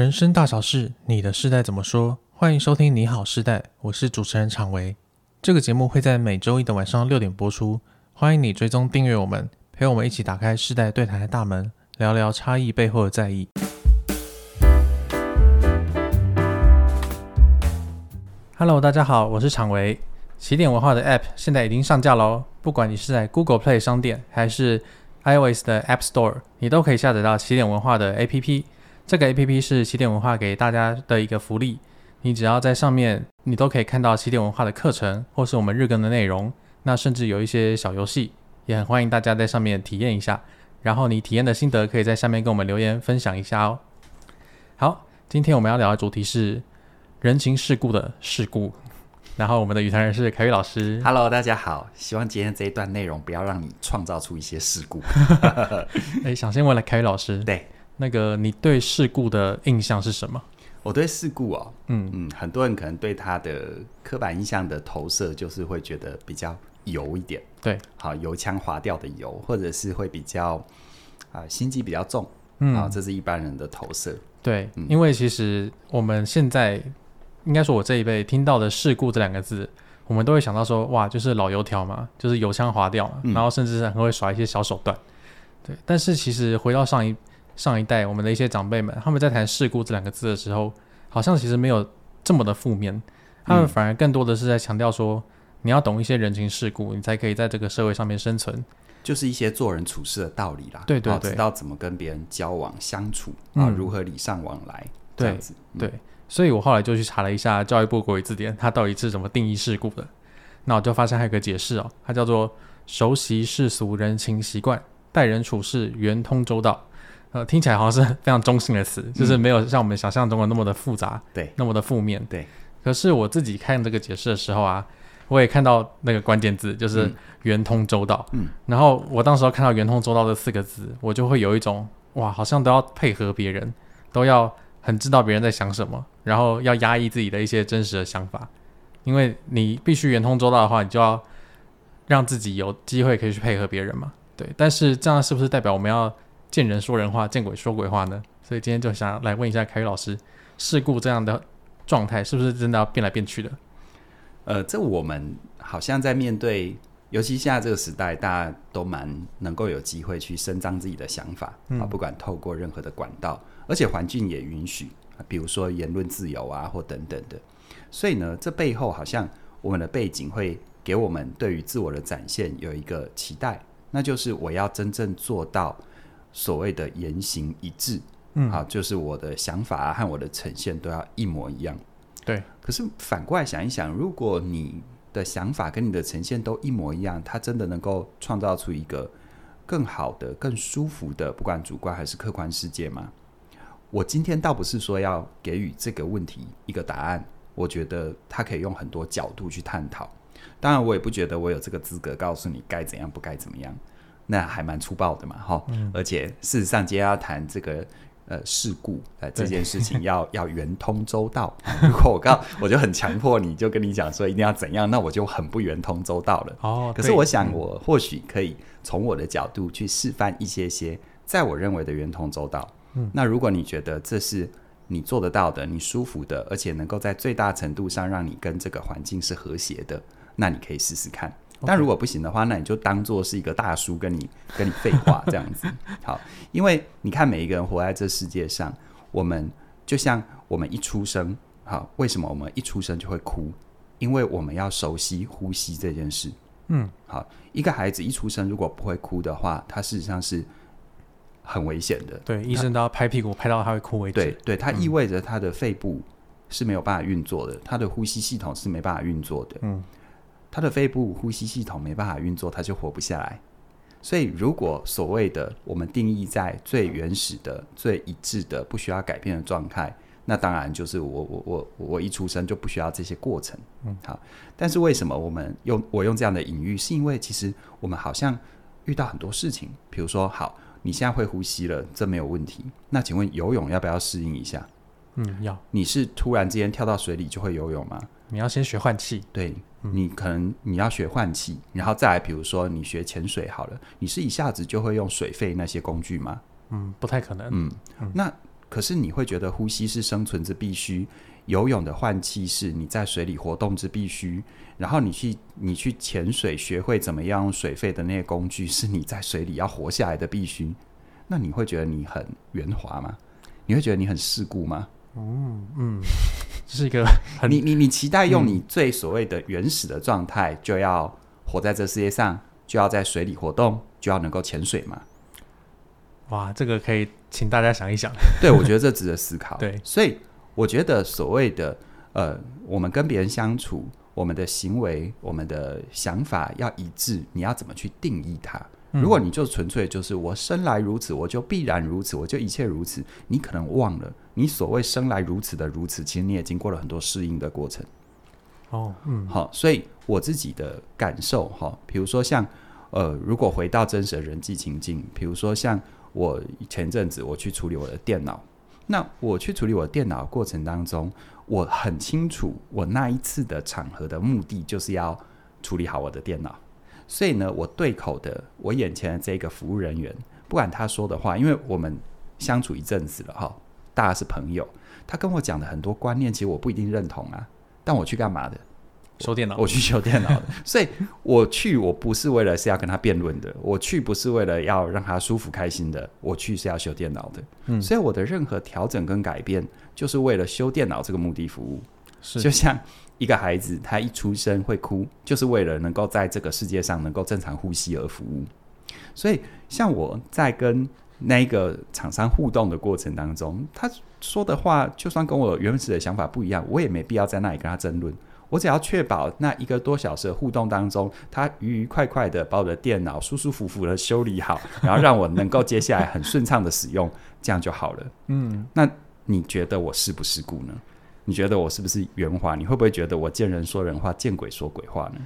人生大小事，你的世代怎麼說？歡迎收聽《你好，世代》，我是主持人常維。這個節目會在每周一的晚上六點播出，歡迎你追蹤訂閱我們，陪我們一起打開世代對談的大門，聊聊差異背後的在意。Hello，大家好，我是常維。啟點文化的 App 現在已經上架嘍，不管你是在 Google Play 商店還是 iOS 的 App Store，你都可以下載到啟點文化的 APP。這個 APP 是啟點文化給大家的一個福利，你只要在上面，你都可以看到啟點文化的課程，或是我們日更的內容。那甚至有一些小遊戲，也很歡迎大家在上面體驗一下。然後你體驗的心得，可以在下面跟我們留言分享一下哦。好，今天我們要聊的主題是人情世故的世故。然後我們的與談人是凱宇老師，Hello，大家好，希望今天這一段內容不要讓你創造出一些事故。哎， 想先問了，凱宇老師。對。那個，你對世故的印象是什麼？我對世故啊、哦，嗯嗯，很多人可能對他的刻板印象的投射，就是會覺得比較油一點，對，好、啊、油腔滑調的油，或者是會比較啊心機比較重，嗯，這是一般人的投射。對，嗯、因為其實我們現在應該說，我這一輩聽到的“世故”這兩個字，我們都會想到說，哇，就是老油條嘛，就是油腔滑調，嗯、然後甚至還會耍一些小手段。對，但是其實回到上一。上一代我們的一些長輩們，他們在談“世故”這兩個字的時候，好像其實沒有這麼的負面。他們反而更多的是在強調說，嗯、你要懂一些人情世故，你才可以在這個社會上面生存，就是一些做人處事的道理啦。對對對、哦，知道怎麼跟別人交往相處啊，嗯、如何禮尚往來，這樣子。對，嗯、對，所以我後來就去查了一下教育部國語字典，它到底是怎麼定義“世故”的。那我就發現還有一個解釋哦，它叫做熟悉世俗人情習慣，待人處事圓通周到。呃，聽起來好像是非常中性的詞，嗯、就是沒有像我們想象中的那麼的複雜，對，那麼的負面，對。可是我自己看這個解釋的時候啊，我也看到那個關鍵字就是“圓通周到”，嗯。然後我當時候看到“圓通周到”這四個字，嗯、我就會有一種哇，好像都要配合別人，都要很知道別人在想什麼，然後要壓抑自己的一些真實的想法，因為你必須圓通周到的話，你就要讓自己有機會可以去配合別人嘛，對。但是這樣是不是代表我們要？見人說人話，見鬼說鬼話呢？所以今天就想來問一下凱宇老師，世故這樣的狀態是不是真的要變來變去的？呃，這我們好像在面對，尤其現在這個時代，大家都蠻能夠有機會去伸張自己的想法、嗯、啊，不管透過任何的管道，而且環境也允許、啊，比如說言論自由啊，或等等的。所以呢，這背後好像我們的背景會給我們對於自我的展現有一個期待，那就是我要真正做到。所謂的言行一致，嗯，好、啊，就是我的想法啊和我的呈現都要一模一樣。對，可是反過來想一想，如果你的想法跟你的呈現都一模一樣，它真的能夠創造出一個更好的、更舒服的，不管主觀還是客觀世界嗎？我今天倒不是說要給予這個問題一個答案，我覺得它可以用很多角度去探討。當然，我也不覺得我有這個資格告訴你該怎樣不該怎麼樣。那還蠻粗暴的嘛，哈、哦。嗯、而且事實上，今天要談這個呃世故呃這件事情要，對要要圓通周到。 如果我剛，剛我就很強迫你就跟你講說一定要怎樣，那我就很不圓通周到了。哦。對，可是我想，我或許可以從我的角度去示範一些些，在我認為的圓通周到。嗯。那如果你覺得這是你做得到的，你舒服的，而且能夠在最大程度上讓你跟這個環境是和諧的，那你可以試試看。但如果不行的話，那你就當做是一個大叔跟你跟你廢話這樣子。 好，因為你看每一個人活在這世界上，我們就像我們一出生，好，為什麼我們一出生就會哭？因為我們要熟悉呼吸這件事。嗯，好，一個孩子一出生如果不會哭的話，他事實上是很危險的。對，它醫生都要拍屁股拍到他會哭為止。對，對他意味着他的肺部是沒有辦法運作的，他、嗯、的呼吸系統是沒辦法運作的。嗯。它的肺部呼吸系統沒辦法運作，它就活不下來。所以，如果所謂的我們定義在最原始的、最一致的、不需要改變的狀態，那當然就是我我我我一出生就不需要這些過程。嗯，好。但是為什麼我們用我用這樣的隱喻？是因為其實我們好像遇到很多事情，比如說，好，你現在會呼吸了，這沒有問題。那請問游泳要不要適應一下？嗯，要。你是突然之間跳到水裡就會游泳嗎？你要先學換氣。對。你可能你要學換氣，然後再來，比如說你學潛水好了，你是一下子就會用水肺那些工具嗎？嗯，不太可能。嗯，那可是你會覺得呼吸是生存之必須，游泳的換氣是你在水裡活動之必須，然後你去你去潛水，學會怎麼樣用水肺的那些工具，是你在水裡要活下來的必須。那你會覺得你很圓滑嗎？你會覺得你很世故嗎？嗯嗯，嗯，就是一個很你你你期待用你最所謂的原始的狀態，就要活在這世界上，就要在水裡活動，就要能夠潛水嗎？哇，這個可以請大家想一想。對，我覺得這值得思考。 對，所以我覺得所謂的呃，我們跟別人相處，我們的行為、我們的想法要一致，你要怎麼去定義它？如果你就純粹就是我生來如此，我就必然如此，我就一切如此，你可能忘了，你所謂生來如此的如此，其實你也經過了很多適應的過程。哦，嗯，好，所以我自己的感受哈，比如說像，呃，如果回到真實的人際情境，比如說像我前陣子我去處理我的電腦，那我去處理我的電腦過程當中，我很清楚，我那一次的場合的目的就是要處理好我的電腦。所以呢，我對口的，我眼前的這個服務人員，不管他說的話，因為我們相處一陣子了哈，大家是朋友，他跟我講的很多觀念，其實我不一定認同啊。但我去幹嘛的？修電腦，我去修電腦的。 所以，我去我不是為了是要跟他辯論的，我去不是為了要讓他舒服開心的，我去是要修電腦的。嗯，所以我的任何調整跟改變，就是為了修電腦這個目的服務。是，就像。一個孩子，他一出生會哭，就是為了能夠在這個世界上能夠正常呼吸而服務。所以，像我在跟那個廠商互動的過程當中，他說的話，就算跟我原始的想法不一樣，我也沒必要在那裡跟他爭論。我只要確保那一個多小時的互動當中，他愉愉快快的把我的電腦舒舒服服的修理好，然後讓我能夠接下來很順暢的使用， 這樣就好了。嗯，那你覺得我是不世故呢？你覺得我是不是圓滑？你會不會覺得我見人說人話，見鬼說鬼話呢？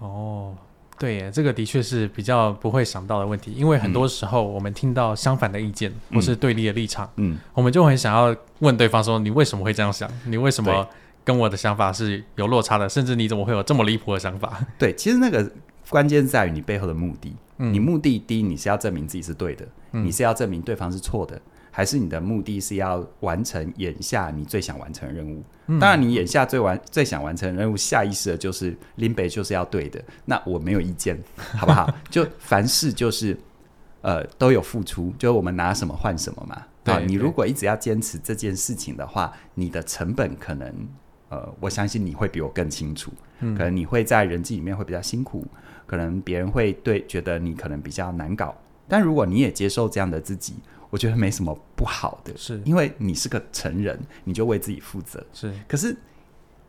哦，對耶，這個的確是比較不會想到的問題，因為很多時候我們聽到相反的意見、嗯、或是對立的立場，嗯，嗯我們就很想要問對方說：“你為什麼會這樣想？你為什麼跟我的想法是有落差的？對甚至你怎麼會有這麼離譜的想法？”對，其實那個關鍵在於你背後的目的。嗯、你目的第一，你是要證明自己是對的，嗯、你是要證明對方是錯的。還是你的目的是要完成眼下你最想完成的任務？嗯、當然，你眼下最完最想完成的任務，下意識的就是林北就是要對的。那我沒有意見，好不好？ 就凡事就是呃都有付出，就我們拿什麼換什麼嘛。對對對啊，你如果一直要堅持這件事情的話，你的成本可能呃，我相信你會比我更清楚。嗯，可能你會在人際裡面會比較辛苦，可能別人會對覺得你可能比較難搞。但如果你也接受這樣的自己。我覺得沒什麼不好的，是因為你是個成人，你就為自己負責。是，可是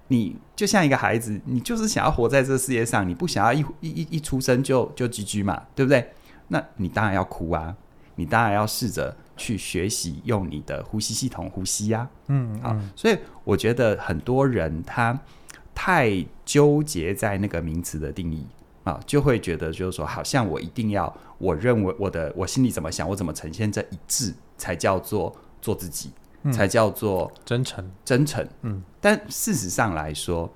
你就像一個孩子，你就是想要活在這世界上，你不想要一一一一出生就就 GG 嘛，對不對？那你當然要哭啊，你當然要試着去學習用你的呼吸系統呼吸呀、啊嗯。嗯啊，所以我覺得很多人他太糾結在那個名詞的定義。啊，就會覺得就是說，好像我一定要，我認為我的我心裡怎麼想，我怎麼呈現這一致，才叫做做自己，才叫做真誠，真誠。嗯，但事實上來說，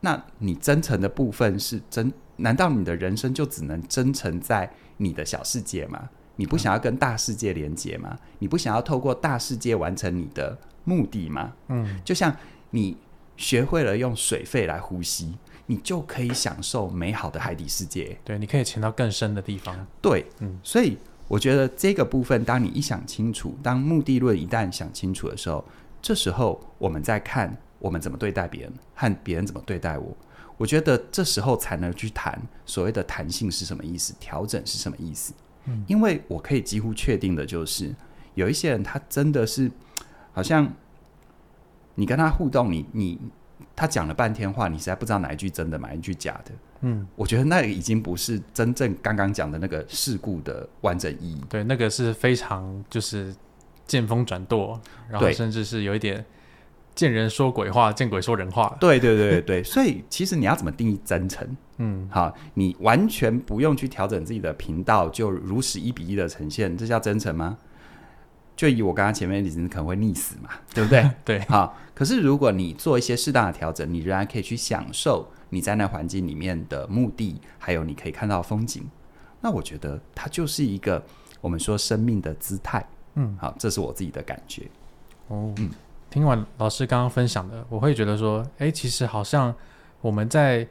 那你真誠的部分是真？難道你的人生就只能真誠在你的小世界嗎？你不想要跟大世界連接嗎？你不想要透過大世界完成你的目的嗎？嗯，就像你學會了用水肺來呼吸。你就可以享受美好的海底世界。對，你可以潛到更深的地方。對，嗯，所以我覺得這個部分，當你一想清楚，當目的論一旦想清楚的時候，這時候我們在看我們怎麼對待別人和別人怎麼對待我，我覺得這時候才能去談所謂的彈性是什麼意思，調整是什麼意思。嗯，因為我可以幾乎確定的就是，有一些人他真的是，好像你跟他互動你，你你。他講了半天話，你實在不知道哪一句真的，哪一句假的。嗯，我覺得那個已經不是真正剛剛講的那個世故的完整意義。對，那個是非常就是見風轉舵，然後甚至是有一點見人說鬼話，對見鬼說人話。對對對對，嗯，所以其實你要怎麼定義真誠？嗯，好，你完全不用去調整自己的頻道，就如實一比一的呈現，這叫真誠嗎？就以我剛剛前面例子，可能會溺死嘛，對不對？對， 好。可是如果你做一些適當的調整，你仍然可以去享受你在那環境裡面的目的，還有你可以看到風景。那我覺得它就是一個我們說生命的姿態。嗯，好，這是我自己的感覺。哦，嗯，聽完老師剛剛分享的，我會覺得說，哎，其實好像我們在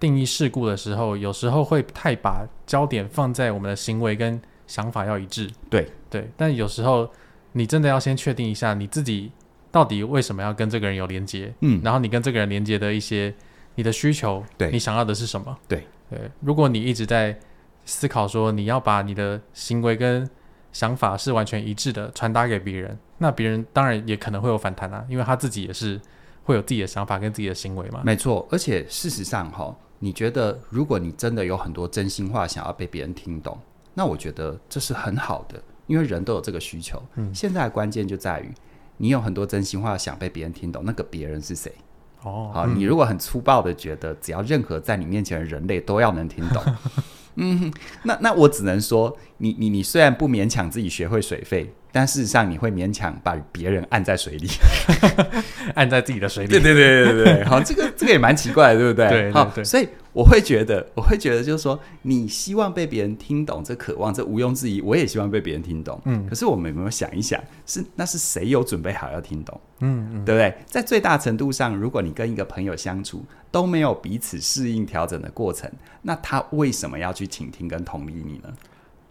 定義世故的時候，有時候會太把焦點放在我們的行為跟。想法要一致，對對，但有時候你真的要先確定一下你自己到底為什麼要跟這個人有連接，嗯，然後你跟這個人連接的一些你的需求，對，你想要的是什麼？對對，如果你一直在思考說你要把你的行為跟想法是完全一致的傳達給別人，那別人當然也可能會有反彈啊，因為他自己也是會有自己的想法跟自己的行為嘛。沒錯，而且事實上哈，你覺得如果你真的有很多真心話想要被別人聽懂。那我覺得這是很好的，因為人都有這個需求。嗯，現在的關鍵就在於，你有很多真心話想被別人聽懂，那個別人是誰？哦，好，嗯、你如果很粗暴的覺得只要任何在你面前的人類都要能聽懂， 嗯，那那我只能說，你你你雖然不勉強自己學會水費，但事實上你會勉強把別人按在水裡， 按在自己的水裡。對對對對對，好，這個這個也蠻奇怪的，對不對？ 對，對，對，好，所以。我會覺得，我會覺得，就是說，你希望被別人聽懂，這渴望，這毋庸置疑。我也希望被別人聽懂，嗯。可是我們有沒有想一想，是那是誰有準備好要聽懂？嗯，嗯，對不對？在最大程度上，如果你跟一個朋友相處都沒有彼此適應調整的過程，那他為什麼要去傾聽跟同理你呢？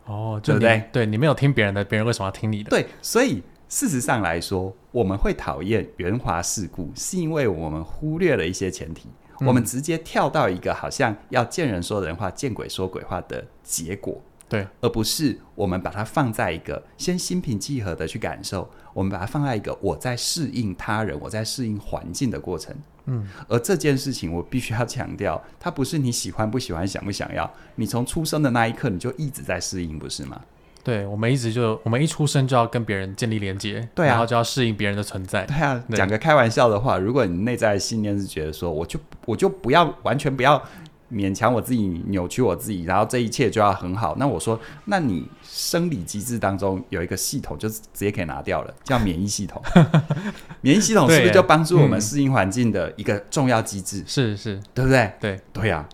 哦，對不對？對，你沒有聽別人的，別人為什麼要聽你的？對，所以事實上來說，我們會討厭圓滑世故，是因為我們忽略了一些前提。我們直接跳到一個好像要見人說人話，見鬼說鬼話的結果，對，而不是我們把它放在一個先心平氣和的去感受，我們把它放在一個我在適應他人、我在適應環境的過程。嗯，而這件事情我必須要強調，它不是你喜歡不喜歡、想不想要，你從出生的那一刻你就一直在適應，不是嗎？對，我們一直就我們一出生就要跟別人建立連接，對啊，然後就要適應別人的存在，對啊。對。講個開玩笑的話，如果你內在的信念是覺得說，我就我就不要完全不要勉強我自己，扭曲我自己，然後這一切就要很好，那我說，那你生理機制當中有一個系統，就直接可以拿掉了，叫免疫系統。 免疫系統是不是就幫助我們適應環境的一個重要機制？是是，對不對？對，對呀，啊，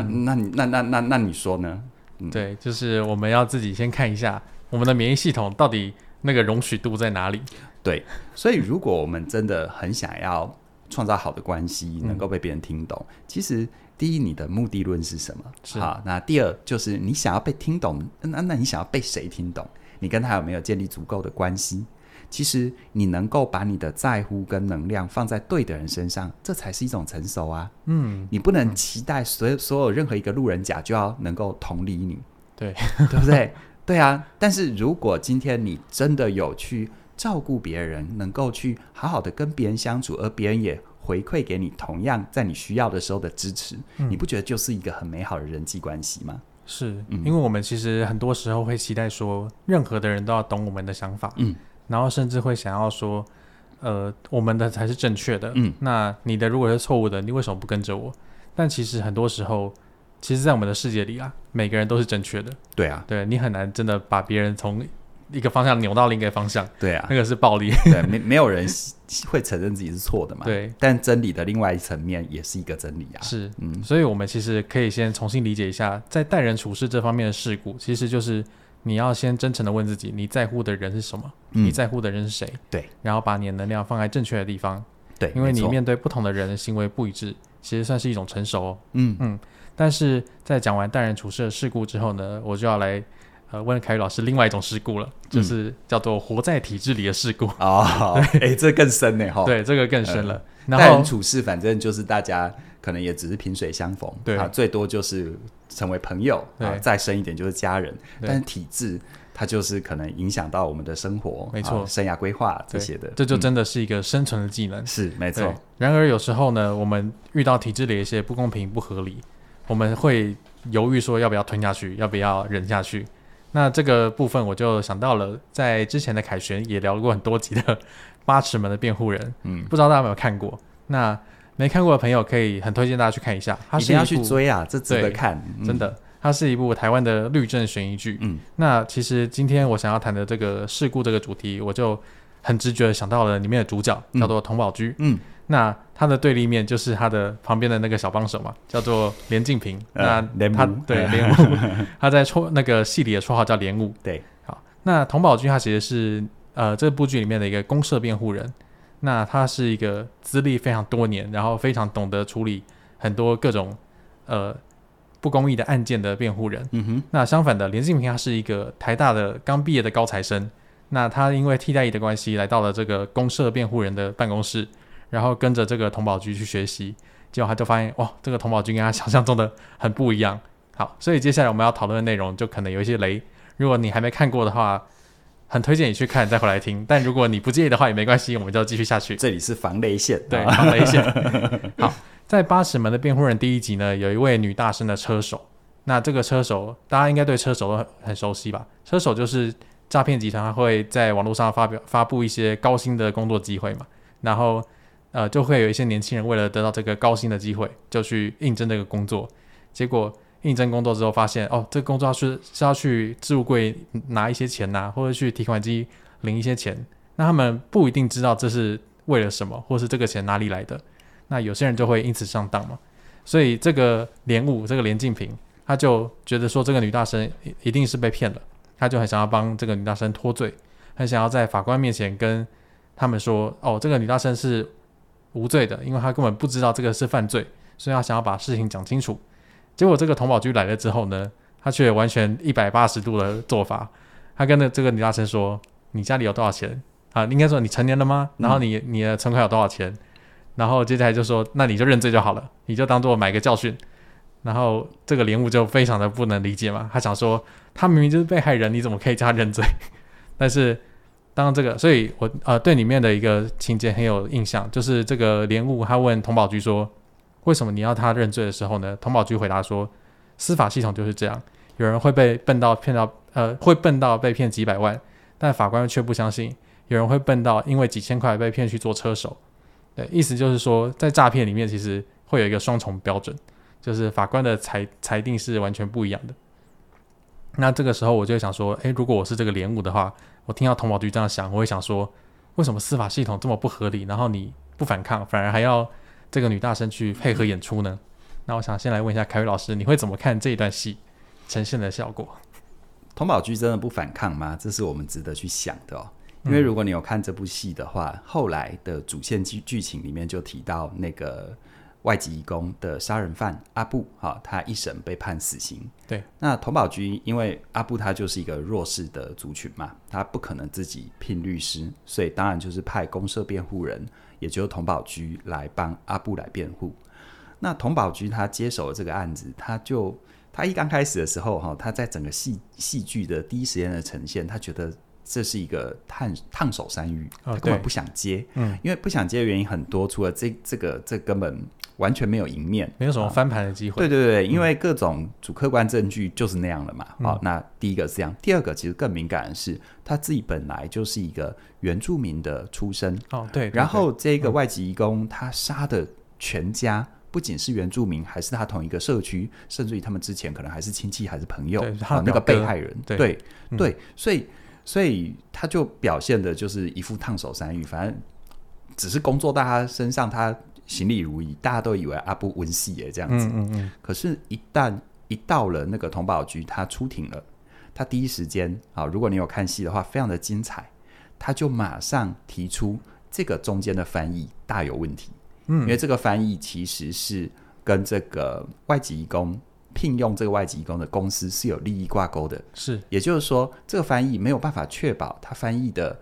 嗯，那那那那那那你說呢？嗯、對，就是我們要自己先看一下我們的免疫系統到底那個容許度在哪裡。對，所以如果我們真的很想要創造好的關係，嗯、能夠被別人聽懂，其實第一你的目的論是什麼？是好，那第二就是你想要被聽懂，那那你想要被誰聽懂？你跟他有沒有建立足夠的關係？其實你能夠把你的在乎跟能量放在對的人身上，這才是一種成熟啊。嗯，你不能期待所有、嗯、所有任何一個路人甲就要能夠同理你，對，對不對？ 對啊。但是如果今天你真的有去照顧別人，能夠去好好的跟別人相處，而別人也回饋給你同樣在你需要的時候的支持，嗯、你不覺得就是一個很美好的人際關係嗎？是，嗯、因為我們其實很多時候會期待說，任何的人都要懂我們的想法。嗯。然後甚至會想要說，呃，我們的才是正確的。嗯，那你的如果是錯誤的，你為什麼不跟着我？但其實很多時候，其實，在我們的世界裡啊，每個人都是正確的。對啊，對你很難真的把別人從一個方向扭到另一個方向。對啊，那個是暴力。對，沒 沒有人會承認自己是錯的嘛。對，但真理的另外一層面也是一個真理啊。是，嗯，所以我們其實可以先重新理解一下，在待人處事這方面的世故，其實就是。你要先真誠地問自己，你在乎的人是什麼？你在乎的人是誰？對，然後把你的能量放在正確的地方。對，因為你面對不同的人的行為不一致，其實算是一種成熟哦。嗯嗯。但是在講完待人處事的世故之後呢，我就要來呃問凱宇老師另外一種世故了，就是叫做活在體制裡的世故。啊，哎，這更深呢。對，這個更深了。待人處事，反正就是大家。可能也只是萍水相逢對啊，最多就是成為朋友。對啊，再深一點就是家人。對但是體制它就是可能影響到我們的生活，沒錯錯、啊，生涯規劃這些的，這就真的是一個生存的技能，嗯、是沒錯。然而有時候呢，我們遇到體制的一些不公平、不合理，我們會猶豫說要不要吞下去，要不要忍下去。那這個部分我就想到了，在之前的凱旋也聊過很多集的八尺門的辯護人，嗯，不知道大家有沒有看過？那。沒看過的朋友可以很推薦大家去看一下，一定要去追啊！這值得看，對嗯、真的。它是一部台灣的律政懸疑劇。嗯，那其實今天我想要談的這個世故這個主題，我就很直覺的想到了裡面的主角、嗯、叫做佟寶駒。嗯，那他的對立面就是他的旁邊的那個小幫手嘛，叫做連晉平。那連武對連武， 他在說那個戲裡的綽號叫連武。對，好。那佟寶駒，他其實是呃這部劇裡面的一個公社辯護人。那他是一個資歷非常多年，然後非常懂得處理很多各種呃不公義的案件的辯護人。嗯哼，那相反的，連晉平他是一個台大的剛畢業的高材生。那他因為替代役的關係來到了這個公設辯護人的辦公室，然後跟着這個佟寶駒去學習。結果他就發現，哇，這個佟寶駒跟他想象中的很不一樣。好，所以接下來我們要討論的內容就可能有一些雷。如果你還沒看過的話，很推薦你去看，再回來聽。但如果你不介意的話，也沒關係，我們就繼續下去。這裡是防雷線，對防雷線。 好，在八尺門的辯護人第一集呢，有一位女大生的車手。那這個車手，大家應該對車手都很很熟悉吧？車手就是詐騙集團他會在網絡上發表發布一些高薪的工作機會嘛，然後呃就會有一些年輕人為了得到這個高薪的機會，就去應徵這個工作，結果。應徵工作之後，發現哦，這個工作是是要去置物櫃拿一些錢吶、啊，或者去提款機領一些錢。那他們不一定知道這是為了什麼，或是這個錢哪裡來的。那有些人就會因此上當嘛。所以這個連武，這個連晉平，他就覺得說這個女大生一定是被騙了，他就很想要幫這個女大生脫罪，很想要在法官面前跟他們說，哦，這個女大生是無罪的，因為他根本不知道這個是犯罪，所以他想要把事情講清楚。結果這個同保居來了之後呢，他卻完全一百八十度的做法，他跟那這個女大生說：“你家裡有多少錢啊？應該說你成年了嗎？然後你你的存款有多少錢？嗯、然後接下來就說：那你就認罪就好了，你就當做買個教訓。然後這個蓮霧就非常的不能理解嘛，他想說他明明就是被害人，你怎麼可以叫他認罪？但是當這個，所以我呃對裡面的一個情節很有印象，就是這個蓮霧他問同保居說。為什麼你要他認罪的時候呢？童寶局回答說：“司法系統就是這樣，有人會被笨到騙到，呃，會笨到被騙幾百萬，但法官卻不相信。有人會笨到因為幾千塊被騙去做車手。對，意思就是說，在詐騙裡面其實會有一個雙重標準，就是法官的裁裁定是完全不一樣的。那這個時候我就想說，誒、欸，如果我是這個連武的話，我聽到童寶局這樣想，我會想說，為什麼司法系統這麼不合理？然後你不反抗，反而還要？”這個女大生去配合演出呢？那我想先來問一下凱瑞老師，你會怎麼看這一段戲呈現的效果？佟寶駒真的不反抗嗎？這是我們值得去想的哦。因為如果你有看這部戲的話，嗯、後來的主線劇劇情裡面就提到那個外籍移工的殺人犯阿布哈、啊，他一審被判死刑。對，那佟寶駒因為阿布他就是一個弱勢的族群嘛，他不可能自己聘律師，所以當然就是派公社辯護人。也就是童寶駒來幫阿布來辯護。那童寶駒他接手了這個案子，他就他一剛開始的時候哈，他在整個戲戲劇的第一時間的呈現，他覺得這是一個燙燙手山芋，他根本不想接。嗯、啊，因為不想接的原因很多，除了這這個這根本。完全沒有贏面，沒有什麼翻盤的機會。啊、對對對，嗯、因為各種主客觀證據就是那樣了嘛。好、嗯啊，那第一個是這樣，第二個其實更敏感的是他自己本來就是一個原住民的出身哦，對，對，對。然後這個外籍移工他殺的全家，嗯、不僅是原住民，還是他同一個社區，甚至於他們之前可能還是親戚，還是朋友。還有對、啊、那個被害人，對對、嗯、對，所以所以他就表現的就是一副燙手山芋，反正只是工作到他身上，他。行禮如儀，大家都以為阿布溫戲耶這樣子。嗯嗯,嗯可是，一旦一到了那個同保局，他出庭了，他第一時間啊、哦，如果你有看戲的話，非常的精彩。他就馬上提出這個中間的翻譯大有問題。嗯。因為這個翻譯其實是跟這個外籍移工聘用這個外籍移工的公司是有利益掛鈎的。是。也就是說，這個翻譯沒有辦法確保他翻譯的。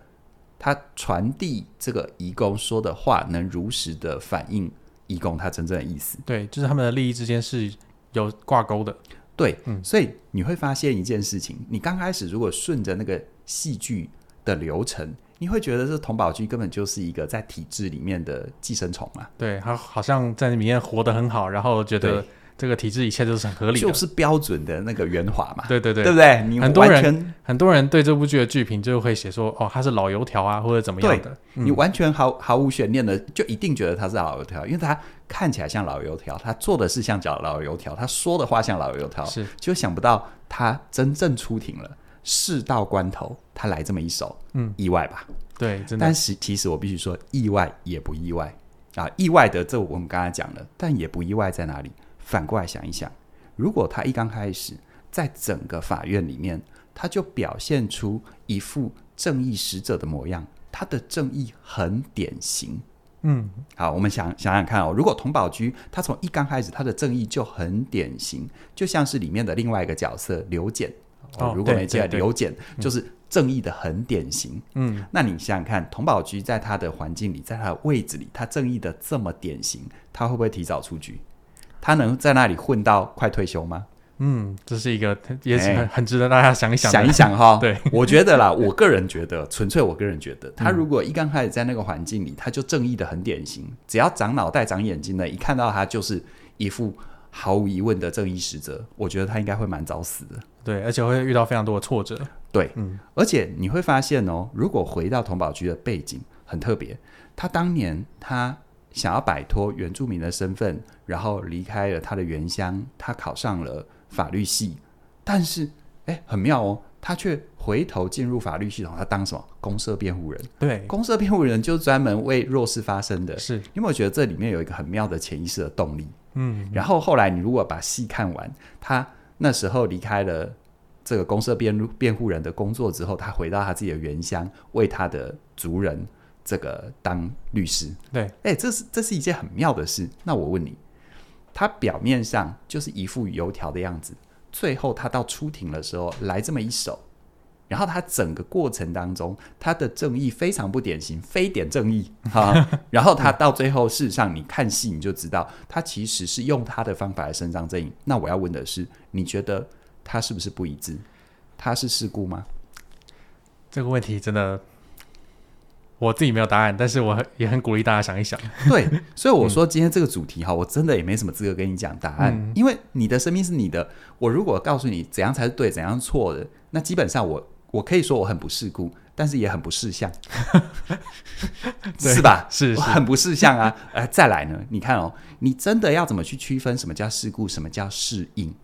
他傳遞這個移工說的話，能如實的反映移工他真正的意思。對，就是他們的利益之間是有掛鈎的。對，嗯，所以你會發現一件事情，你剛開始如果順着那個戲劇的流程，你會覺得這童保軍根本就是一個在體制裡面的寄生蟲啊。對，他好像在裡面活得很好，然後覺得。這個體制一切都是很合理的，就是標準的那個圓滑嘛、嗯。對對對，對不對？很多人很多人對這部劇的劇評就會寫說：“哦，他是老油條啊，或者怎麼樣的。”你完全毫毫無懸念的就一定覺得他是老油條，因為他看起來像老油條，他做的事像老老油條，他說的話像老油條，是就想不到他真正出庭了，事到關頭他來這麼一手，嗯，意外吧？對，真的，但是其實我必須說，意外也不意外啊！意外的，這我們剛才講了，但也不意外在哪裡？反過來想一想，如果他一剛開始，在整個法院裡面，他就表現出一副正義使者的模樣，他的正義很典型。嗯，好，我們想想想看哦。如果佟寶駒他從一剛開始，他的正義就很典型，就像是裡面的另外一個角色劉簡。哦，如果沒記錯，對，對,對,劉簡就是正義的很典型。嗯，那你想想看，佟寶駒在他的環境裡，在他的位置裡，他正義的這麼典型，他會不會提早出局？他能在那裡混到快退休嗎？嗯，這是一個也是很值得大家想一想、欸、想一想哈。對，我覺得啦，我個人覺得，純對 粹我個人覺得，他如果一剛開始在那個環境裡，他就正義得很典型，嗯、只要長腦袋長眼睛的，一看到他就是一副毫無疑問的正義使者，我覺得他應該會蠻早死的。對，而且會遇到非常多的挫折。對，嗯，而且你會發現哦、喔，如果回到童寶居的背景很特別，他當年他，想要擺脫原住民的身份，然後離開了他的原鄉。他考上了法律系，但是，哎、欸，很妙哦，他卻回頭進入法律系統，他當什麼？公社辯護人。對，公社辯護人，對，人就專門為弱勢發聲的。是，你有沒有覺得這裡面有一個很妙的潛意識的動力？嗯，嗯。然後後來，你如果把戲看完，他那時候離開了這個公社辯辯護人的工作之後，他回到他自己的原鄉，為他的族人。這個當律師，對，哎，這是這是一件很妙的事。那我問你，他表面上就是一副油條的樣子，最後他到出庭的時候來這麼一手，然後他整個過程當中他的正義非常不典型，非典正義哈。啊、 然後他到最後事實上 你看戲你就知道，他其實是用他的方法來伸張正義。那我要問的是，你覺得他是不是不一致？他是世故嗎？這個問題真的。我自己沒有答案，但是我也很鼓勵大家想一想。 對，所以我說今天這個主題哈、哦，嗯、我真的也沒什麼資格跟你講答案，嗯、因為你的生命是你的。我如果告訴你怎樣才是對，怎樣是錯的，那基本上我我可以說我很不世故，但是也很不識相， 對是吧？是，是我很不識相啊！ 呃，再來呢？你看哦，你真的要怎麼去區分什麼叫世故，什麼叫適應？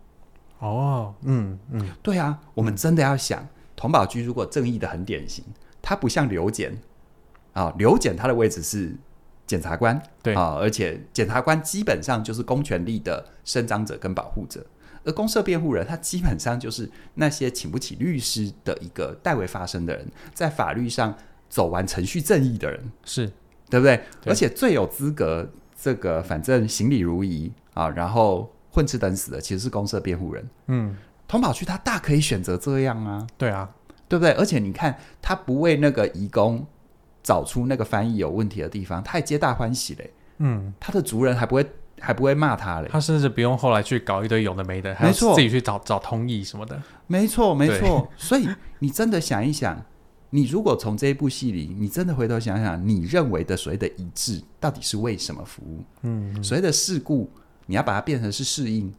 哦，嗯嗯，對啊，我們真的要想童寶居如果正義的很典型，他不像劉簡。啊，劉檢、哦、他的位置是檢察官，對啊、哦，而且檢察官基本上就是公權力的伸張者跟保護者，而公設辯護人他基本上就是那些請不起律師的一個代為發聲的人，在法律上走完程序正義的人，是，對不對？對，而且最有資格這個，反正行禮如儀啊，然後混吃等死的，其實是公設辯護人。嗯，通寶區他大可以選擇這樣啊，對啊，對不對？而且你看他不為那個移工。找出那個翻譯有問題的地方，太皆大歡喜嘞。嗯，他的族人還不會還不會罵他嘞。他甚至不用後來去搞一堆有的沒的，沒錯錯，自己去找找通譯什麼的。沒錯，沒錯。對 所以你真的想一想， 你如果從這一部戲裡，你真的回頭想想，你認為的所謂的一致到底是為什麼服務？嗯，所謂的世故，你要把它變成是適應，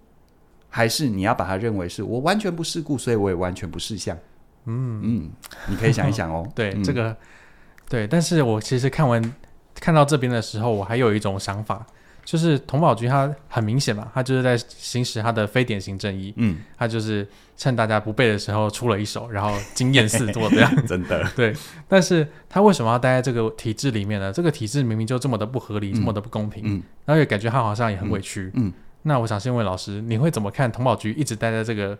還是你要把它認為是我完全不世故，所以我也完全不事項？嗯嗯，你可以想一想哦。呵呵對、嗯、這個。對，但是我其實看完看到這邊的時候，我還有一種想法，就是童寶菊他很明顯嘛，他就是在行使他的非典型正義，嗯，他就是趁大家不備的時候出了一手，然後驚豔四座這樣，嘿嘿真的對。但是他為什麼要待在這個體制裡面呢？這個體制明明就這麼的不合理，嗯、這麼的不公平，嗯，然後也感覺他好像也很委屈，嗯。嗯那我想先問老師，你會怎麼看童寶菊一直待在這個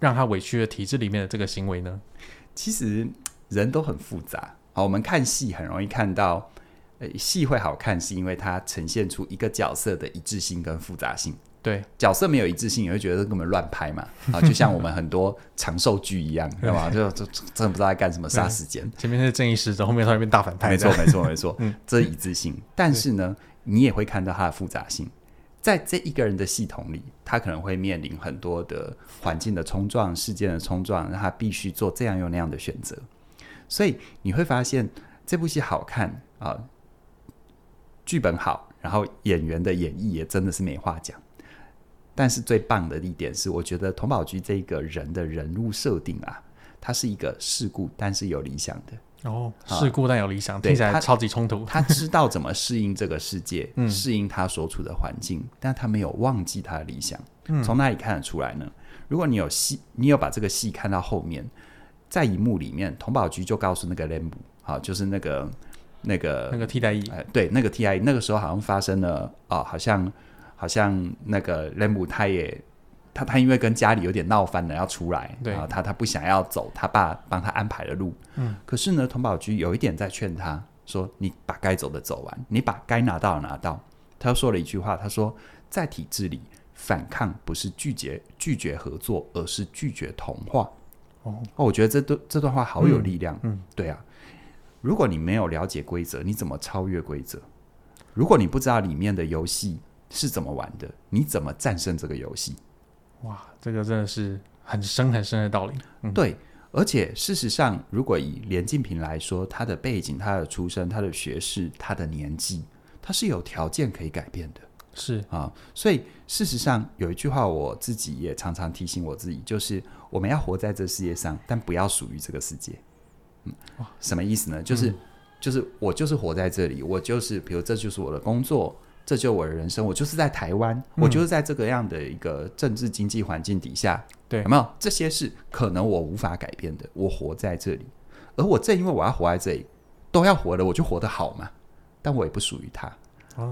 讓他委屈的體制裡面的這個行為呢？其實人都很複雜。好，我們看戲很容易看到，呃、欸，戲會好看是因為它呈現出一個角色的一致性跟複雜性。對，角色沒有一致性，你會覺得這根本亂拍嘛？ 啊，就像我們很多長壽劇一樣， 對吧？就真不知道在幹什麼，殺時間。前面是正義使者，後面突然變大反派。 沒錯，沒錯，沒錯、 嗯。這一致性，但是呢，對你也會看到它的複雜性。在這一個人的系統裡，他可能會面臨很多的環境的衝撞、事件的衝撞，讓他必須做這樣又那樣的選擇。所以你會發現這部戲好看啊、呃，劇本好，然後演員的演繹也真的是沒話講。但是最棒的一點是，我覺得童寶菊這個人的人物設定啊，他是一個世故但是有理想的哦，世故但有理想，啊、聽起來超級衝突。對，他知道怎麼適應這個世界， 嗯、適應他所處的環境，但他沒有忘記他的理想。從哪裡看得出來呢？嗯、如果你有戲，你有把這個戲看到後面。在一幕裡面，童寶菊就告訴那個雷姆，好，就是那個那個那個替代役，哎，對，那個替代役、e, 那個時候好像發生了啊，好像好像那個雷姆他也他他因為跟家裡有點鬧翻了，要出來，對啊，他他不想要走，他爸幫他安排的路，嗯，可是呢，童寶菊有一點在勸他說：“你把該走的走完，你把該拿到的拿到。”他又說了一句話，他說：“在體制裡，反抗不是拒絕拒絕合作，而是拒絕同化。”哦，我覺得這段這段話好有力量。嗯，嗯對啊，如果你沒有了解規則，你怎麼超越規則？如果你不知道裡面的遊戲是怎麼玩的，你怎麼戰勝這個遊戲？哇，這個真的是很深很深的道理。嗯、對，而且事實上，如果以連晉平來說，他的背景、他的出身、他的學識、他的年紀，他是有條件可以改變的。是啊、哦，所以事實上有一句話，我自己也常常提醒我自己，就是我們要活在這世界上，但不要屬於這個世界。嗯，什麼意思呢？就是、嗯、就是我就是活在這裡，我就是比如這就是我的工作，這就是我的人生，我就是在台灣，我就是在這個樣的一個政治經濟環境底下，對、嗯，有沒有對這些是可能我無法改變的？我活在這裡，而我正因為我要活在這裡，都要活的，我就活得好嘛。但我也不屬於他。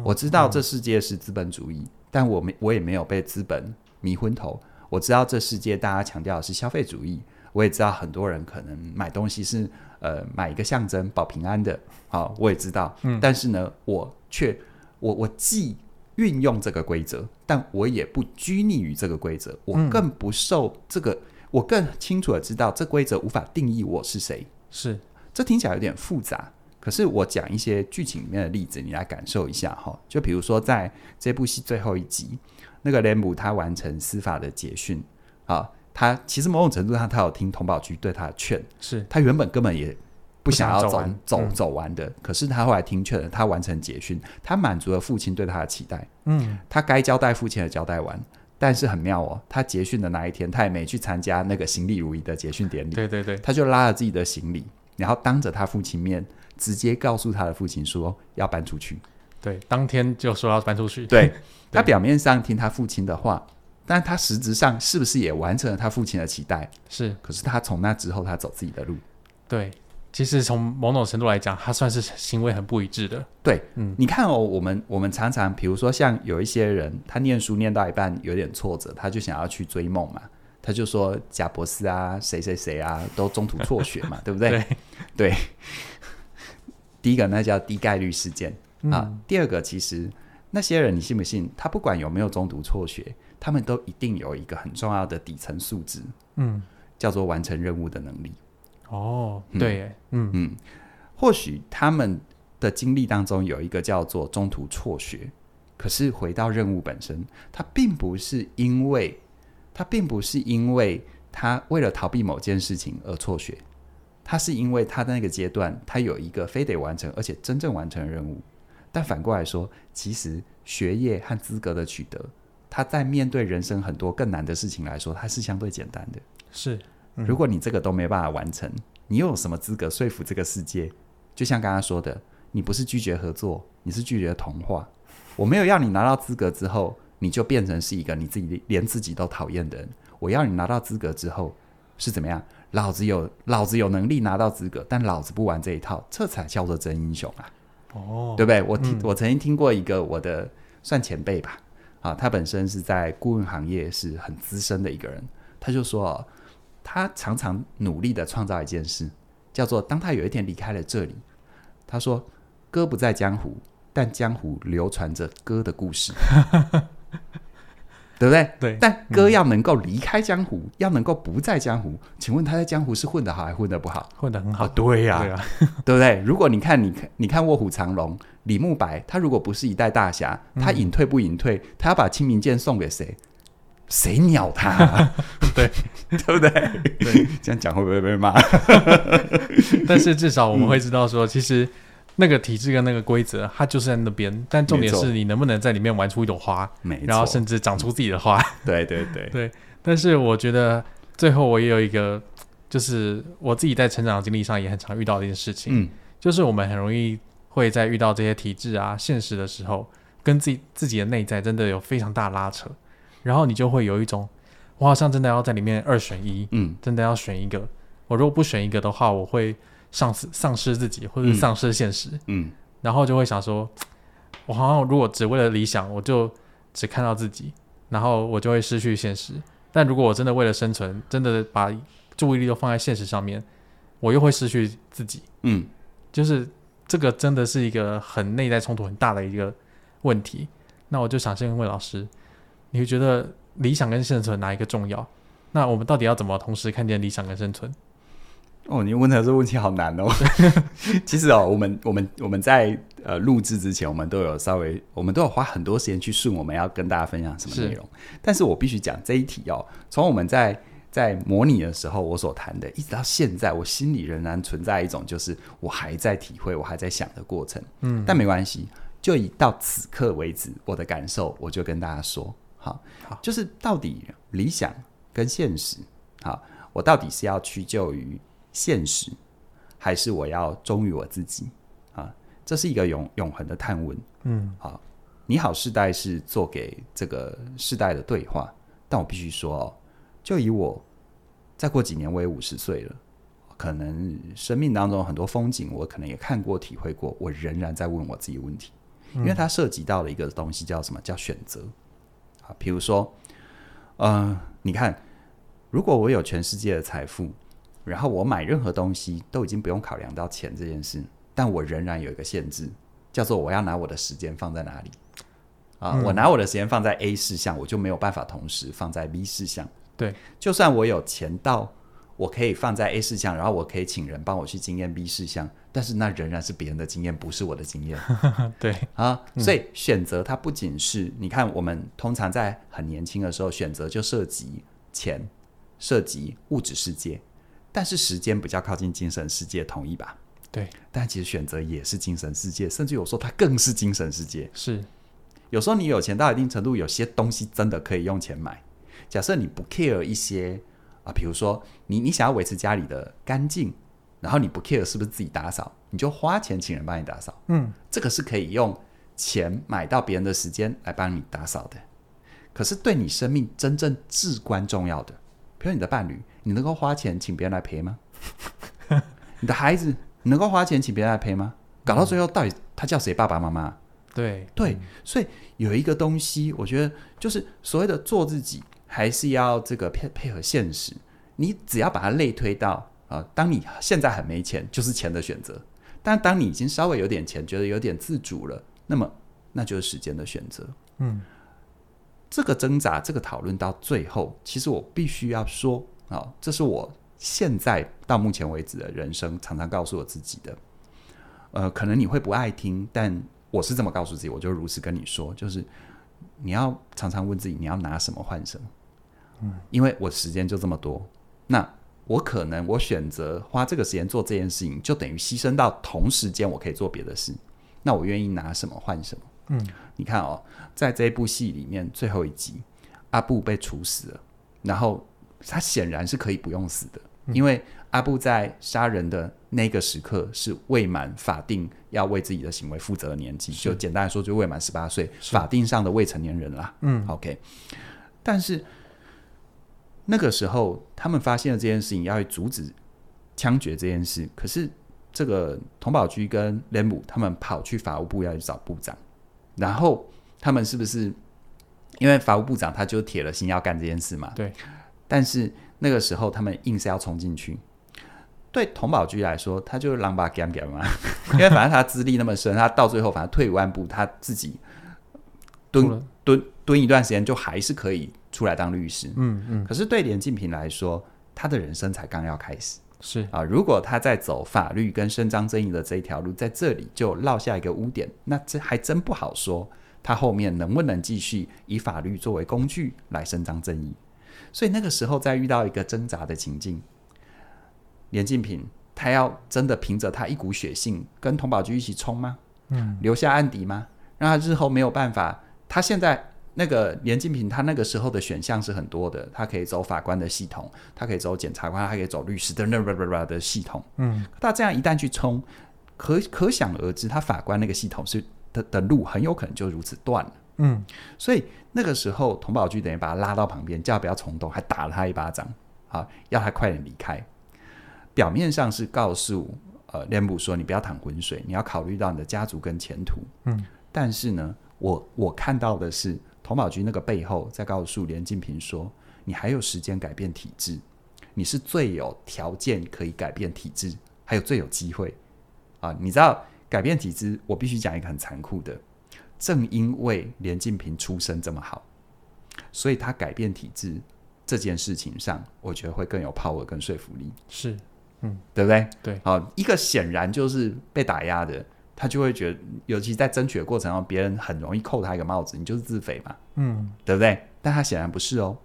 我知道這世界是資本主義，哦嗯、但我沒，我也沒有被資本迷昏頭。我知道這世界大家強調的是消費主義，我也知道很多人可能買東西是呃買一個象徵保平安的。好、哦，我也知道，但是呢，嗯、我卻我我既運用這個規則，但我也不拘泥於這個規則，我更不受這個，嗯、我更清楚的知道這規則無法定義我是誰。是，這聽起來有點複雜。可是我講一些劇情裡面的例子，你來感受一下哈。就比如說，在這部戲最後一集，那個雷姆他完成司法的結訓啊，他其實某種程度上他有聽童保局對他的勸，是他原本根本也不想要走不想走完走，走，走完的，嗯、可是他後來聽勸了，他完成結訓，他滿足了父親對他的期待。嗯，他該交代父親的交代完，但是很妙哦，他結訓的那一天，他也沒去參加那個行禮如儀的結訓典禮。對對對，他就拉着自己的行李，然後當着他父親面。直接告訴他的父親說要搬出去，對，當天就說要搬出去。對， 對他表面上聽他父親的話，但他實質上是不是也完成了他父親的期待？是。可是他從那之後，他走自己的路。對，其實從某種程度來講，他算是行為很不一致的。對，嗯，你看哦，我們我們常常比如說像有一些人，他念書念到一半有點挫折，他就想要去追夢嘛，他就說賈伯斯啊，誰誰誰啊，都中途輟學嘛，對不 對？對。第一個那叫低概率事件、嗯、啊。第二個，其實那些人，你信不信？他不管有沒有中途輟學，他們都一定有一個很重要的底層素質，嗯，叫做完成任務的能力。哦，嗯、對，嗯嗯，或許他們的經歷當中有一個叫做中途輟學，可是回到任務本身，他並不是因為，他並不是因為他為了逃避某件事情而輟學。他是因為他那個階段，他有一個非得完成，而且真正完成的任務。但反過來說，其實學業和資格的取得，他在面對人生很多更難的事情來說，他是相對簡單的。是，嗯。如果你這個都沒辦法完成，你又有什麼資格說服這個世界？就像剛剛說的，你不是拒絕合作，你是拒絕同化。我沒有要你拿到資格之後，你就變成是一個你自己連自己都討厭的人。我要你拿到資格之後，是怎麼樣？老子有，老子有能力拿到資格，但老子不玩這一套，這才叫做真英雄啊！哦，對不對？我聽、嗯、我曾經聽過一個我的算前輩吧啊，他本身是在顧問行業是很資深的一個人，他就說他常常努力地創造一件事，叫做當他有一天離開了這裡，他說：“哥不在江湖，但江湖流傳着哥的故事。” 對不對？對，但哥要能夠離開江湖，嗯、要能夠不在江湖，請問他在江湖是混得好還是混得不好？混得很好。對呀、哦，對呀、啊，對，啊、對不對？如果你看，你看，你看《臥虎藏龍》，李慕白他如果不是一代大俠，他隱退不隱退？他要把青冥劍送給誰？誰鳥他、啊？ 對，對不對？對， 這樣講會不會被罵？ 但是至少我們會知道說，嗯、其實。那個體制跟那個規則，它就是在那邊。但重點是你能不能在裡面玩出一朵花，沒錯，然後甚至長出自己的花。嗯、對對對對。但是我覺得最後我也有一個，就是我自己在成長經歷上也很常遇到的一件事情，嗯、就是我們很容易會在遇到這些體制啊、現實的時候，跟自己自己的內在真的有非常大拉扯，然後你就會有一種，我好像真的要在裡面二選一，嗯，真的要選一個。我如果不選一個的話，我會。喪失、喪失自己，或者喪失現實，嗯，嗯，然後就會想說，我好像如果只為了理想，我就只看到自己，然後我就會失去現實。但如果我真的為了生存，真的把注意力都放在現實上面，我又會失去自己，嗯，就是這個真的是一個很內在衝突很大的一個問題。那我就想先問老師，你會覺得理想跟生存哪一個重要？那我們到底要怎麼同時看見理想跟生存？哦，你問的這個問題好難哦。 其實哦，我們我們我們在呃錄製之前，我們都有稍微，我們都有花很多時間去順我們要跟大家分享什麼內容。是但是我必須講這一題哦，從我們在在模擬的時候，我所談的，一直到現在，我心裡仍然存在一種，就是我還在體會，我還在想的過程。嗯，但沒關係，就以到此刻為止，我的感受，我就跟大家說，好，好就是到底理想跟現實，好，我到底是要屈就於。現實，還是我要忠於我自己啊？這是一個永永恆的探問。嗯，好、啊，你好，世代是做給這個世代的對話。但我必須說哦，就以我再過幾年我也五十歲了，可能生命當中很多風景我可能也看過、體會過，我仍然在問我自己問題，因為它涉及到了一個東西叫什麼叫選擇啊？比如說，嗯、呃，你看，如果我有全世界的財富。然後我買任何東西都已經不用考量到錢這件事，但我仍然有一個限制，叫做我要拿我的時間放在哪裡啊？嗯、我拿我的時間放在 A 事項，我就沒有辦法同時放在 B 事項。對，就算我有錢到我可以放在 A 事項，然後我可以請人幫我去經驗 B 事項，但是那仍然是別人的經驗，不是我的經驗。 對啊，嗯、所以選擇它不僅是你看，我們通常在很年輕的時候選擇就涉及錢，涉及物質世界。但是時間比較靠近精神世界，同意吧？對。但其實選擇也是精神世界，甚至有時候它更是精神世界。是。有時候你有錢到一定程度，有些東西真的可以用錢買。假設你不 care 一些啊，比如說你你想要維持家裡的乾淨，然後你不 care 是不是自己打掃，你就花錢請人幫你打掃。嗯。這個是可以用錢買到別人的時間來幫你打掃的。可是對你生命真正至關重要的，比如你的伴侶。你能夠花錢請別人來陪嗎？ 你的孩子你能夠花錢請別人來陪嗎？搞到最後，到底他叫誰爸爸媽媽？對、嗯、對，所以有一個東西，我覺得就是所謂的做自己，還是要這個配配合現實。你只要把它類推到啊，當你現在很沒錢，就是錢的選擇；但當你已經稍微有點錢，覺得有點自主了，那麼那就是時間的選擇。嗯，這個掙扎，這個討論到最後，其實我必須要說。好，這是我現在到目前為止的人生，常常告訴我自己的。呃，可能你會不愛聽，但我是這麼告訴自己，我就如實跟你說，就是你要常常問自己，你要拿什麼換什麼？嗯，因為我時間就這麼多，那我可能我選擇花這個時間做這件事情，就等於犧牲到同時間我可以做別的事。那我願意拿什麼換什麼？嗯，你看哦，在這一部戲裡面最後一集，阿布被處死了，然後。他顯然是可以不用死的。嗯、因為阿布在殺人的那個時刻是未滿法定要為自己的行為負責的年紀，是就簡單來說就未滿十八歲，是法定上的未成年人啦。嗯，OK。但是那個時候他們發現了這件事情，要去阻止槍決這件事，可是這個佟寶駒跟雷姆他們跑去法務部要去找部長，然後他們是不是因為法務部長他就鐵了心要幹這件事嘛？對。但是那個時候，他們硬是要衝進去。對佟寶駒來說，他就是狼 game game 嘛，因為反正他資歷那麼深， 他到最後反正退一萬步，他自己蹲然蹲蹲一段時間，就還是可以出來當律師。嗯嗯。嗯，可是對連晉平來說，他的人生才剛要開始。是啊，如果他在走法律跟伸張正義的這一條路，在這裡就落下一個污點，那這還真不好說。他後面能不能繼續以法律作為工具來伸張正義？所以那個時候再遇到一個掙扎的情境，連晉平他要真的憑着他一股血性跟佟寶駒一起衝嗎？嗯，留下案底嗎？讓他日後沒有辦法。他現在那個連晉平，他那個時候的選項是很多的，他可以走法官的系統，他可以走檢察官，他可以走律師的那那的系統。嗯，他這樣一旦去衝，可可想而知，他法官那個系統是的的路很有可能就如此斷了。嗯，所以那個時候，童寶局等於把他拉到旁邊，叫他不要衝動，還打了他一巴掌，啊，要他快點離開。表面上是告訴呃廉說，你不要淌渾水，你要考慮到你的家族跟前途。嗯，但是呢，我我看到的是，童寶局那個背後在告訴連晉平說，你還有時間改變體制，你是最有條件可以改變體制，還有最有機會。啊，你知道改變體制，我必須講一個很殘酷的。正因為連晉平出身這麼好，所以他改變體制這件事情上，我覺得會更有 power 跟說服力。是，嗯，對不對？對，好，哦，一個顯然就是被打壓的，他就會覺得，尤其在爭取的過程中，別人很容易扣他一個帽子，你就是自肥嘛。嗯，對不對？但他顯然不是哦，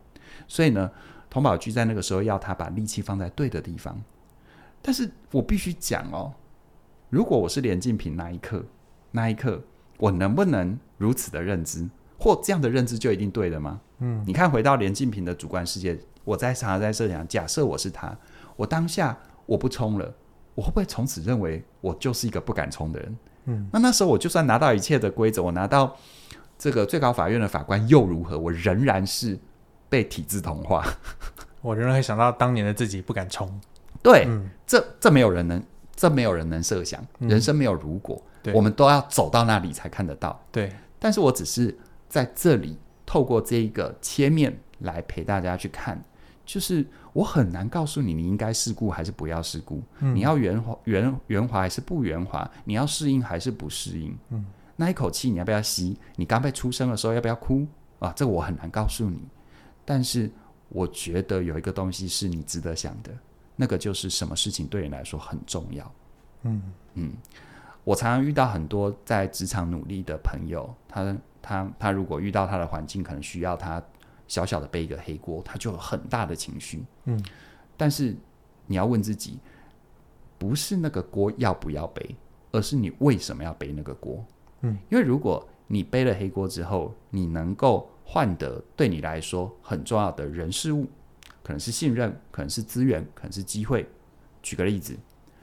所以呢，童寶局在那個時候要他把力氣放在對的地方。但是我必須講哦，如果我是連晉平，那一刻，那一刻。我能不能如此的認知，或這樣的認知就一定對的嗎？嗯，你看，回到連晉平的主觀世界，我在常常在設想，假設我是他，我當下我不衝了，我會不會從此認為我就是一個不敢衝的人？嗯，那那時候我就算拿到一切的規則，我拿到這個最高法院的法官又如何？我仍然是被體制同化。 我仍然會想到當年的自己不敢衝。對，嗯、這這沒有人能。這沒有人能設想，人生沒有如果。嗯、對，我們都要走到那裡才看得到。對，但是我只是在這裡透過這一個切面來陪大家去看，就是我很難告訴你，你應該世故還是不要世故，嗯、你要圓滑圓圓滑還是不圓滑，你要適應還是不適應。嗯、那一口氣你要不要吸？你剛被出生的時候要不要哭？啊，這我很難告訴你，但是我覺得有一個東西是你值得想的。那個就是什麼事情對你來說很重要，嗯嗯，我常常遇到很多在職場努力的朋友，他他他如果遇到他的環境，可能需要他小小的背一個黑鍋，他就有很大的情緒，嗯。但是你要問自己，不是那個鍋要不要背，而是你為什麼要背那個鍋？嗯，因為如果你背了黑鍋之後，你能夠換得對你來說很重要的人事物。可能是信任，可能是資源，可能是機會。舉個例子，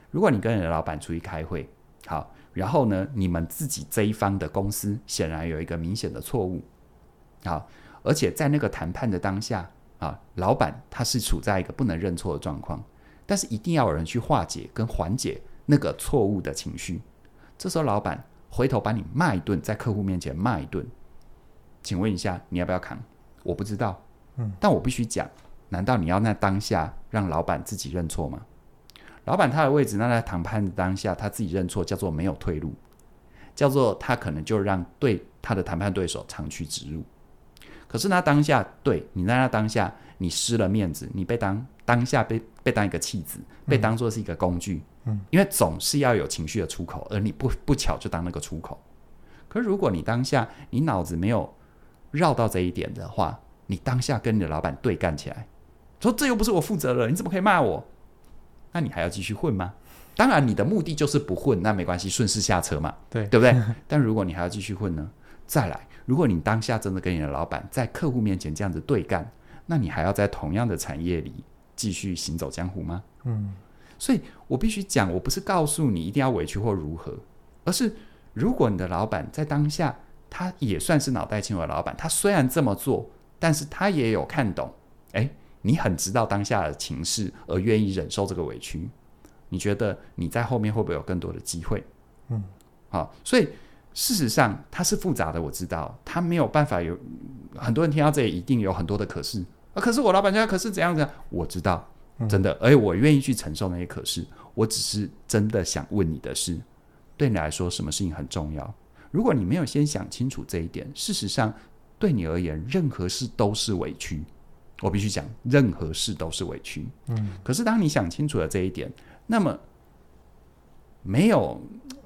如果你跟你的老板出去開會，好，然後呢，你們自己這一方的公司顯然有一個明顯的錯誤，好，而且在那個談判的當下啊，老板他是處在一個不能認錯的狀況，但是一定要有人去化解跟緩解那個錯誤的情緒。這時候老板回頭把你罵一頓，在客戶面前罵一頓，請問一下，你要不要扛？我不知道，但我必須講。難道你要那當下讓老闆自己認錯嗎？老闆他的位置，那在談判的當下，他自己認錯叫做沒有退路，叫做他可能就讓對他的談判對手長驅直入。可是那當下對你，在那當下，你失了面子，你被當，當下被被當一個棄子，嗯，被當做是一個工具。嗯，因為總是要有情緒的出口，而你不不巧就當那個出口。可是如果你當下你腦子沒有繞到這一點的話，你當下跟你的老闆對幹起來，說這又不是我負責了，你怎麼可以罵我？那你還要繼續混嗎？當然，你的目的就是不混，那沒關係，順勢下車嘛。對，對不對？但如果你還要繼續混呢？再來，如果你當下真的跟你的老板在客戶面前這樣子對幹，那你還要在同樣的產業裡繼續行走江湖嗎？嗯。所以，我必須講，我不是告訴你一定要委屈或如何，而是如果你的老板在當下，他也算是腦袋清楚的老板，他雖然這麼做，但是他也有看懂，誒。你很知道當下的情勢，而願意忍受這個委屈，你覺得你在後面會不會有更多的機會？嗯，好，所以事實上它是複雜的。我知道，他沒有辦法，有很多人聽到這裡，一定有很多的可是、啊，可是我老板家可是怎樣怎樣，我知道，真的，而且我願意去承受那些可是，我只是真的想問你的是，對你來說什麼事情很重要？如果你沒有先想清楚這一點，事實上對你而言，任何事都是委屈。我必須講，任何事都是委屈。嗯、可是當你想清楚了這一點，那麼沒有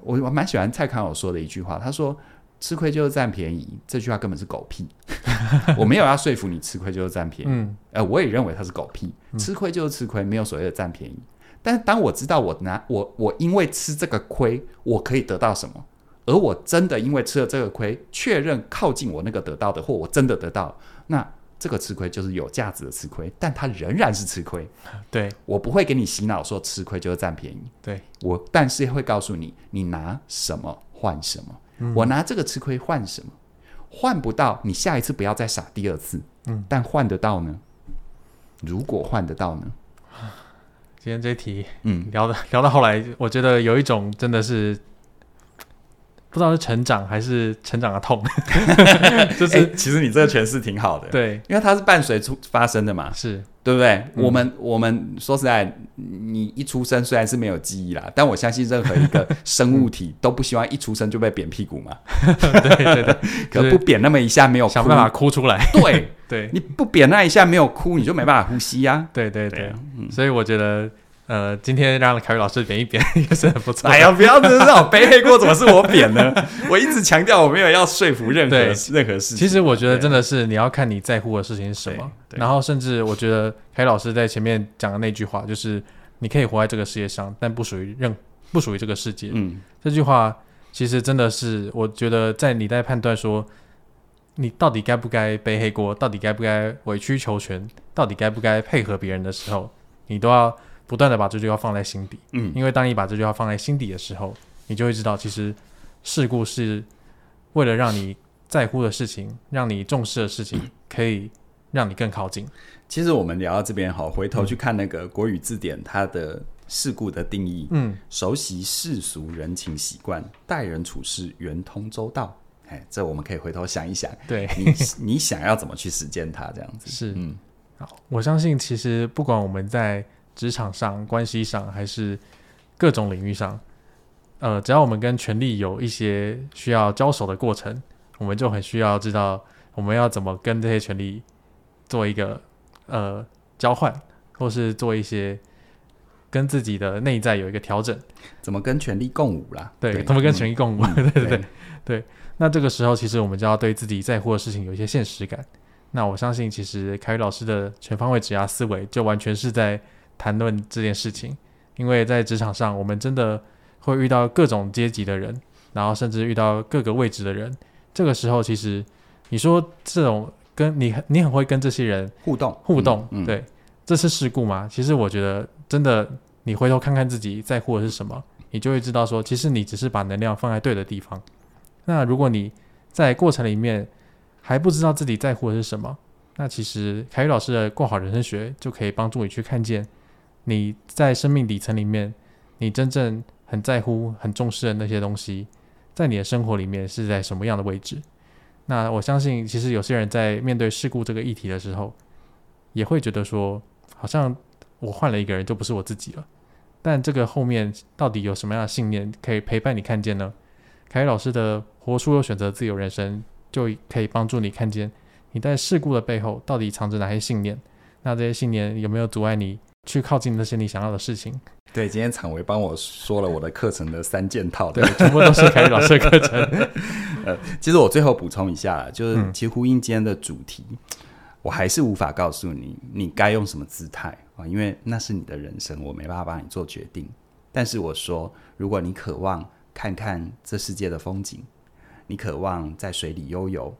我，我蠻喜歡蔡康永說的一句話，他說：“吃虧就是佔便宜。”這句話根本是狗屁。 我沒有要說服你吃虧就是佔便宜，嗯呃。我也認為他是狗屁，吃虧就是吃虧，沒有所謂的佔便宜。嗯、但是當我知道我拿我我因為吃這個虧，我可以得到什麼，而我真的因為吃了這個虧，確認靠近我那個得到的或我真的得到那。這個吃虧就是有價值的吃虧，但他仍然是吃虧。對我不會給你洗腦說吃虧就是占便宜。對我，但是會告訴你，你拿什麼換什麼？嗯、我拿這個吃虧換什麼？換不到，你下一次不要再傻第二次。嗯，但換得到呢？如果換得到呢？今天這題，嗯，聊的聊到後來，我覺得有一種真的是。不知道是成長還是成長的痛， 就是、 欸、其實你這個詮釋挺好的，對，因為它是伴隨出發生的嘛，是對不對？嗯、我們我們說實在，你一出生雖然是沒有記憶啦，但我相信任何一個生物體、 嗯、都不希望一出生就被扁屁股嘛， 對，對對對，可不扁那麼一下沒有想辦法哭出來，對 對，你不扁那一下沒有哭，你就沒辦法呼吸呀、啊， 對，對對對，嗯、所以我覺得。呃，今天讓凱宇老師扁一扁也是很不錯。 哎呀，不要知道背黑鍋，怎麼是我扁呢？ 我一直強調我沒有要說服任何 對任何事情啊。其實我覺得真的是你要看你在乎的事情是什麼。然後甚至我覺得凱老師在前面講的那句話，就是你可以活在這個世界上， 但不屬於任不屬於這個世界。嗯，這句話其實真的是我覺得在你在判斷說你到底該不該背黑鍋，到底該不該委曲求全，到底該不該配合別人的時候，你都要。不斷的把這句話放在心底，嗯，因為當你把這句話放在心底的時候，你就會知道，其實世故是為了讓你在乎的事情， 讓你重視的事情，可以讓你更靠近。其實我們聊到這邊好，回頭去看那個國語字典，嗯，它的世故的定義，嗯，熟悉世俗人情習慣，待人處事圓通周到，哎，這我們可以回頭想一想，對，你 你想要怎麼去實踐它這樣子？是，嗯，好，我相信其實不管我們在。職場上、關係上，還是各種領域上，呃，只要我們跟權力有一些需要交手的過程，我們就很需要知道我們要怎麼跟這些權力做一個呃交換，或是做一些跟自己的內在有一個調整，怎麼跟權力共舞啦？對，對啊、怎麼跟權力共舞？嗯、 對對對對，對，那這個時候其實我們就要對自己在乎的事情有一些現實感。那我相信，其實凱宇老師的全方位職涯思維，就完全是在。談論這件事情，因為在職場上，我們真的會遇到各種階級的人，然後甚至遇到各個位置的人。這個時候，其實你說這種跟你，你很會跟這些人互動互動，嗯嗯、對，這是世故嘛？其實我覺得，真的，你回頭看看自己在乎的是什麼，你就會知道說，其實你只是把能量放在對的地方。那如果你在過程裡面還不知道自己在乎的是什麼，那其實凱宇老師的過好人生學就可以幫助你去看見。你在生命底層裡面，你真正很在乎、很重視的那些東西，在你的生活裡面是在什麼樣的位置？那我相信，其實有些人在面對世故這個議題的時候，也會覺得說，好像我換了一個人就不是我自己了。但這個後面到底有什麼樣的信念可以陪伴你看見呢？凱宇老師的《活出有選擇的自由人生》就可以幫助你看見你在世故的背後到底藏着哪些信念，那這些信念有沒有阻礙你？去靠近那些你想要的事情。對，今天廠維幫我說了我的課程的三件套， 對，全部都是凱宇老師的課程。 呃，其實我最後補充一下，就是其實呼應今天的主題，嗯、我還是無法告訴你你該用什麼姿態啊、哦，因為那是你的人生，我沒辦法幫你做決定。但是我說，如果你渴望看看這世界的風景，你渴望在水裡悠游，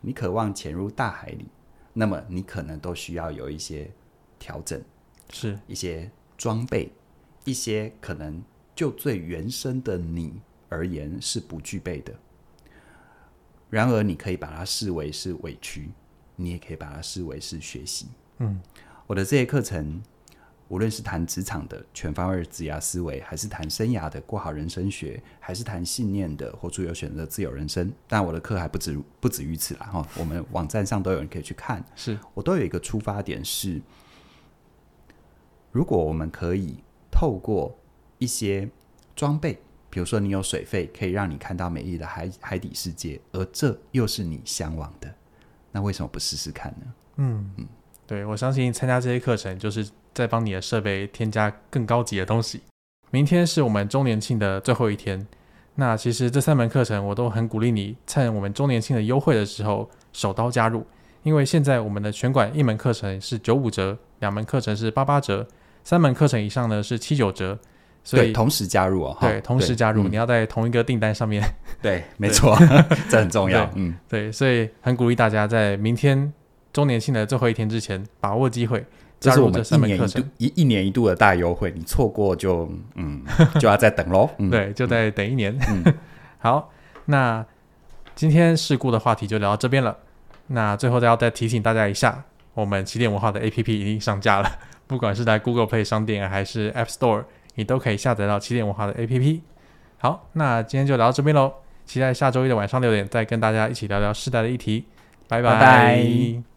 你渴望潛入大海裡，那麼你可能都需要有一些調整。是一些裝備，一些可能就最原生的你而言是不具備的。然而，你可以把它視為是委屈，你也可以把它視為是學習。嗯，我的這些課程，無論是談職場的全方位職涯思維，還是談生涯的過好人生學，還是談信念的活出有選擇自由人生，但我的課還不止不止於此了哈。 我們網站上都有人可以去看。是我都有一個出發點是。如果我們可以透過一些裝備，比如說你有水肺，可以讓你看到美麗的海海底世界，而這又是你嚮往的，那為什麼不試試看呢？嗯嗯，對，我相信參加這些課程就是在幫你的設備添加更高級的東西。明天是我們週年慶的最後一天，那其實這三門課程我都很鼓勵你趁我們週年慶的優惠的時候手刀加入，因為現在我們的全館一門課程是九五折，兩門課程是八八折。三門課程以上呢，是七九折，所以對同時加入哦，對，同時加入，對你要在同一個訂單上面，對，嗯、對，沒錯，對 這很重要，對嗯，對，所以很鼓勵大家在明天週年慶的最後一天之前把握機會，加入我們這三門課程。這是我們一年一度，一一年一度的大優惠，你錯過就嗯 就要再等嘍，嗯、對，就再等一年，嗯， 好，那今天世故的話題就聊到這邊了，那最後再要再提醒大家一下，我們啟點文化的 A P P 已經上架了。不管是在 Google Play 商店還是 App Store，你都可以下載到起點文化的 APP。好，那今天就聊到這邊嘍，期待下週一的晚上六點再跟大家一起聊聊世代的議題，拜拜。Bye bye